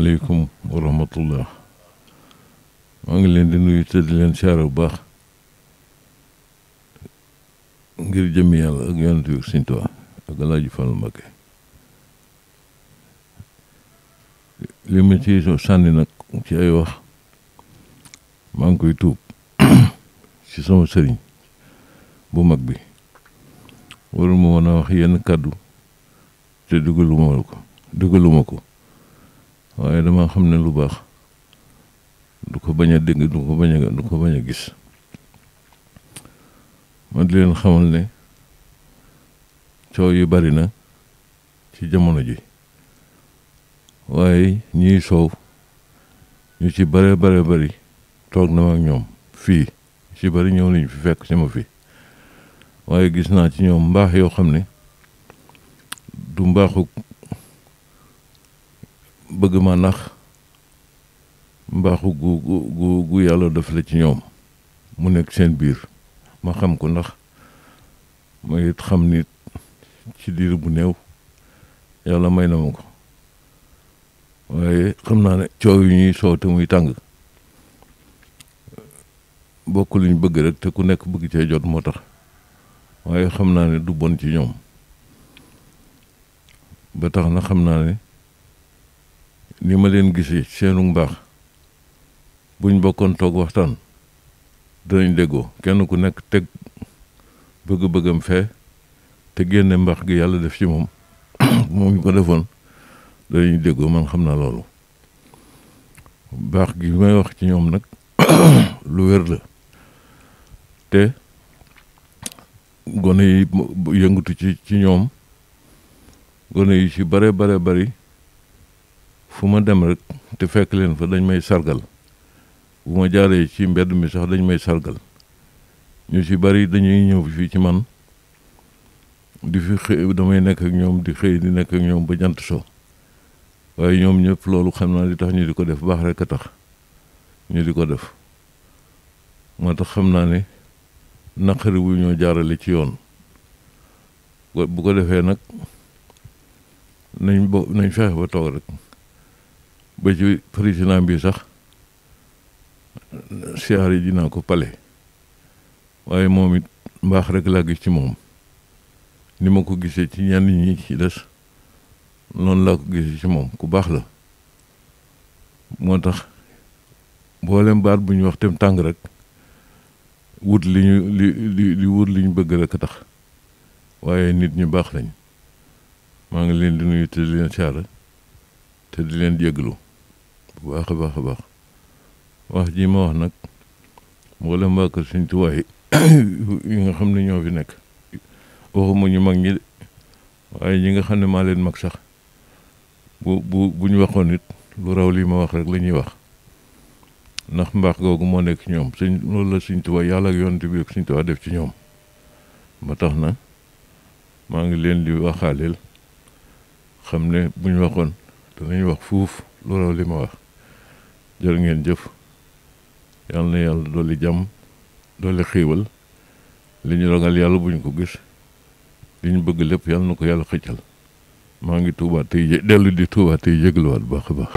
asalaamaaleykum wa maa ngi leen di nuyu te di leen siyaare bu baax ngir jëmmi yàlla ak yonent bi Sëñ Tuubaa ak Alaaji Fallu Mbakke li ma ci so sànni nag ci ay wax maa ngi koy tuub ci sama sëriñ bu mag bi warul ma a wax yenn kàddu te dugaluma ko dugaluma ko waaye dama xam ne lu baax du ko bañ a dégg du ko bañ a du ko bañ a gis ma di leen xamal ne coow yi bari na ci jamono ji waaye ñiy soow ñu ci bare bare bari toog na ma ak ñoom fii ci bari ñëw nañu fi fekk ci ma fi waaye gis naa ci ñoom mbaax yoo xam ne du mbaaxu bëgg ma nax mbaaxu gu gu gu yàlla def la ci ñoom mu nekk seen biir ma xam ko ndax ma it xam nit ci diir bu néew yàlla may na ma ko waaye xam naa ne coow yi ñuy soow te muy tàng bokk luñ bëgg rek te ku nekk bëgg cee jot moo tax waaye xam naa ne du bon ci ñoom ba tax na xam naa ne ni ma leen gisee seenu mbaax buñ bokkoon toog waxtaan danañ déggoo kenn ku nekk teg bëgg-bëggam fee te génne mbaax gi yàlla def ci moom moom ñu ko defoon danañ déggoo man xam naa loolu baax gi may wax ci ñoom nag lu wér la te gone yi yëngatu ci ci ñoom gone yi ci bare bare bari fu ma dem rek te fekk leen fa dañ may sargal bu ma jaaree ci mbedd mi sax dañ may sargal ñu ci bari dañuy ñëw fii ci man di fi xëy damay nekk ak ñoom di xëy di nekk ak ñoom ba jant so waaye ñoom ñëpp loolu xam naa li tax ñu di ko def baax rek a tax ñu di ko def moo tax xam naa ni naqari wu ñoo jaarale ci yoon bu ko defee nag nañ bo nañ fexe ba toog rek ba ci président bi sax siyaare yi dinaa ko pale waaye moom it mbaax rek laa gis ci moom ni ma ko gisee ci ñenn ñi ci des noonu laa ko gisee ci moom ku baax la moo tax mboolem baat bu ñu wax tem tàng rek wut li ñu li li li wut li ñu bëgg rek a tax waaye nit ñu baax lañ maa ngi leen di nuyu te di leen siyaare te di leen jéggalu bu a baax a baax wax ji ma wax nag mboolem waa kër Sëñ Tuubaa yi nga xam ne ñoo fi nekk waxuma ñu mag ñi de waaye ñi nga xam ne maa leen mag sax bu bu ñu waxoon it lu raw lii ma wax rek la ñuy wax ndax mbaax googu moo nekk ñoom sëñ loolu la Sëñ Tuubaa yàlla ak yonent bi ak Sëñ Tuubaa def ci ñoom ba tax na maa ngi leen di waxaaleel xam ne bu ñu waxoon danañ wax fuuf looloo li ma wax jërë ngeen jëf yàlla na yàlla dolli jàmm dolli xéewal li ñu ragal yàlla bu ñu ko gis li ñu bëgg lépp yal na ko yàlla xëccal maa ngi tuubaat tey jé dellu di tuubaat tey jégaluwaat baax baax.